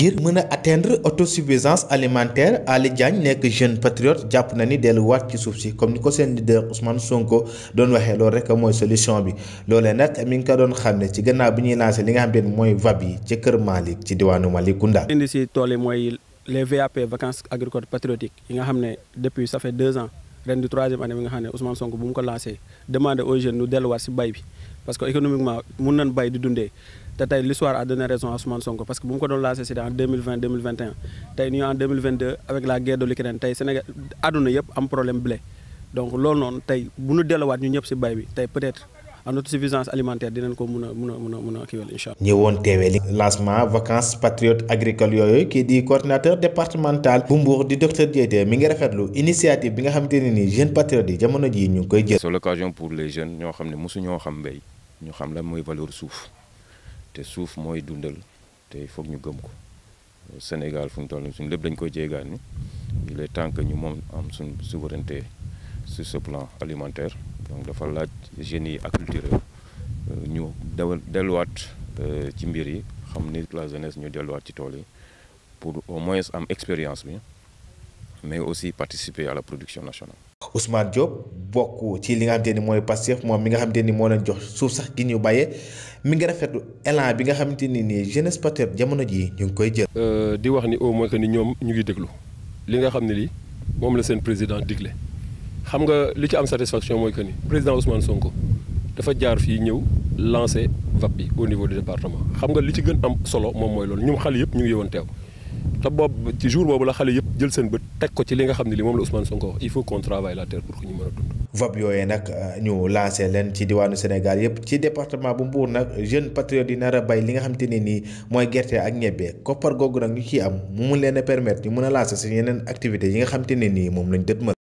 ngir mën a atteindre autosuffisance alimentaire Ali Diagne nekk jeune patriote jàpp na ni delluwaat ci suuf si comme ni ko seen leader Ousmane Sonko doon waxee loolu rek mooy solution bi loolee nag mi ngi ko doon xam ci gannaaw bi ñuy lancé li nga xam ne mooy VAP yi ci kër Malick ci diwaanu Malicounda. indi tool yi mooy les VAP vacances agricoles patriotiques yi nga xam ne depuis ça fait deux ans. ren di troisième année bi nga xam ne Ousmane Sonko bu mu ko lancé demandé aux jeunes ñu delluwaat si bay bi parce que économiquement mun nañ bay di dundee te tey l'histoire a donné raison à Ousmane Sonko parce que bu mu ko doon lancé c'était en tey ñu en avec la guerre de l'Ukraine tey Sénégal àdduna yëpp am problème blé donc loolu noonu tey bu ñu delluwaat ñu ñëpp si bay bi tey peut en autosuffisance alimentaire dinañ ko mun a mun a mun a mun a kiiwal incha allah. ñëwoon teewee li lancement vacances patriotes agricoles yooyu kii di coordinateur départemental bu Mbour di docteur Diété mi ngi rafetlu initiative bi nga xamante ne nii jeune patriotes yi jamono jii ñu ngi koy jël. c'est l'occasion pour les jeunes ñoo xam ne mosu ñoo xam mbéy ñu xam lan mooy valeur suuf te suuf mooy dundal te foog ñu gëm ko Sénégal fu ñu toll suñ lépp dañ koy jéegaan ni il est temps que ñu moom am suñ souveraineté. su ce plan alimentaire donc dafa laaj génie yi ak culture ñu delluwaat euh, ci mbir yi xam ni la jeunesse ñu delluwaat ci tool yi pour au moins am expérience bi mais aussi participer à la production nationale. Ousmane Diop bokk ci li nga xamante ni mooy Pastef moom mi nga xamante ni moo leen jox suuf sax gi ñu bàyyee mi ngi rafetlu élan bi nga xamante ni nii jeunesse Pastef jamono jii ñu ngi koy jël. Euh, di wax ni au moins que ni ñoom ñu ngi déglu li nga xam ne lii moom la seen président digle. xam nga li ci am satisfaction mooy que ni président Ousmane Sonko dafa jaar fii ñëw lancé VAP bi au niveau du département xam nga li ci gën am solo moom mooy loolu ñum xale yëpp ñu ngi yowoon teew te boobu ci jour boobu la xale yëpp jël seen bët teg ko ci li nga xam ne li moom la Ousmane Sonko il faut qu'on travaille la terre pour que ñu mën a dund. VAP yooyee nag euh, ñu lancé leen ci diwaanu Sénégal yëpp ci département bu Mbour nag jeune patriote yi nar a bay nga xam te ne nii mooy gerte ak ñebe koppar googu nag ñu ciy a permettre ñu nga xam ne nii moom lañ dëtmal.